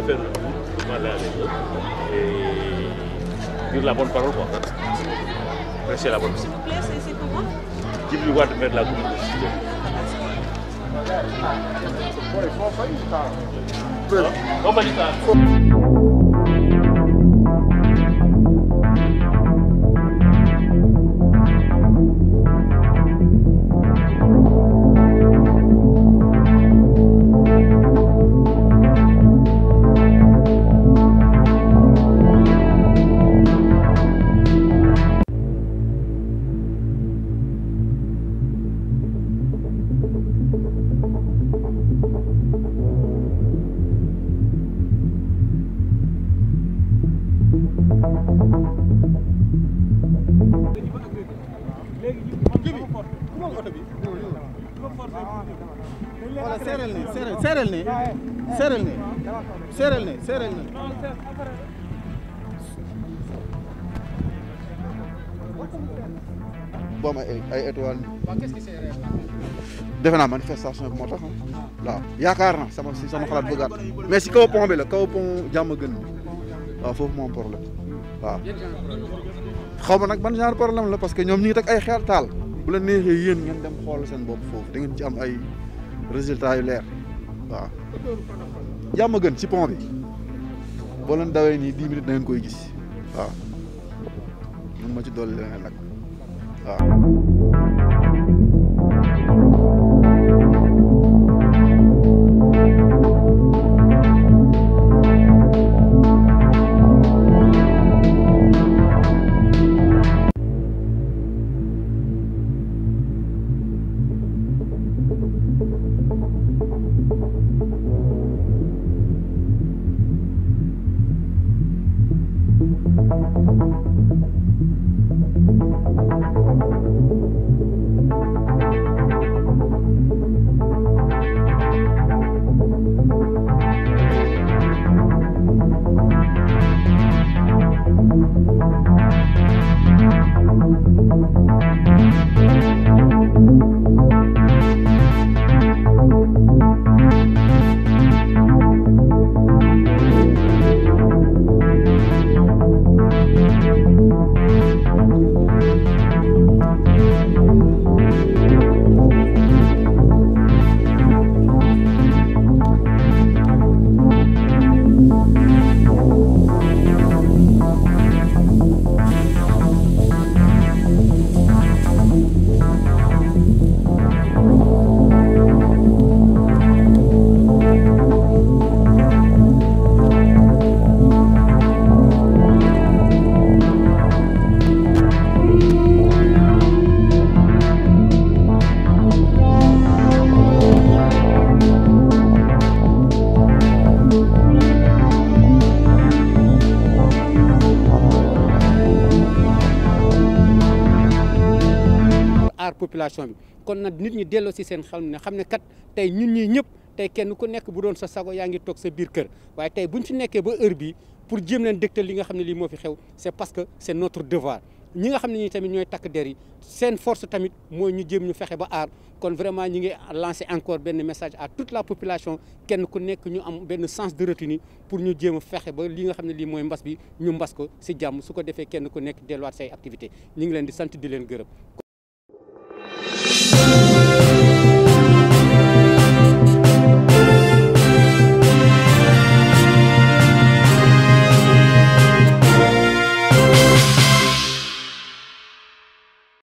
référendum, et dire la bonne parole, eh, quoi. Prêcher la bonne parole. C'est comment Djibril Wade maire de la commune de Sidé. Ah, il faut faire une star. wala seeral ne seeral ne seeral ne seeral ne seeral ne boo ma eh, ay étoile defe naa manifestation bi moo tax ah. waaw yaakaar na sama si sama xalaat bëggaat mais si kaw pont bi la kaw pont jàmm gën waaw foofu moom problème waaw xaw ma nag ban genre problème la parce que ñoom ñi ngi ay xeer taal bu la neexee yéen ngeen dem xool seen bopp foofu da ngeen ci am ay résultat yu leer waaw jàmm gën ci pont bi boo leen dawee nii dix minutes na koy gis waaw mun ma ci dolli leneen nag waaw population bi kon nag nit ñi delloo si seen xel ne xam ne kat tey ñun ñii ñëpp tey kenn ku nekk bu doon sa sago yaa ngi toog sa biir kër waaye tey buñ fi nekkee ba heure bii pour jéem leen dégtal li nga xam ne lii moo fi xew c'est parce que c'est notre devoir ñi nga xam ne ñi tamit ñooy takk der yi seen force tamit mooy ñu jéem ñu fexe ba aar kon vraiment ñi ngi lancer encore benn message à toute la population kenn ku nekk ñu am benn sens de retenue pour ñu jéem a fexe ba li nga xam ne lii mooy mbas bi ñu mbas ko si jàmm su ko defee kenn ku nekk delluwaat say activité ñu ngi leen di sant di leen gërëm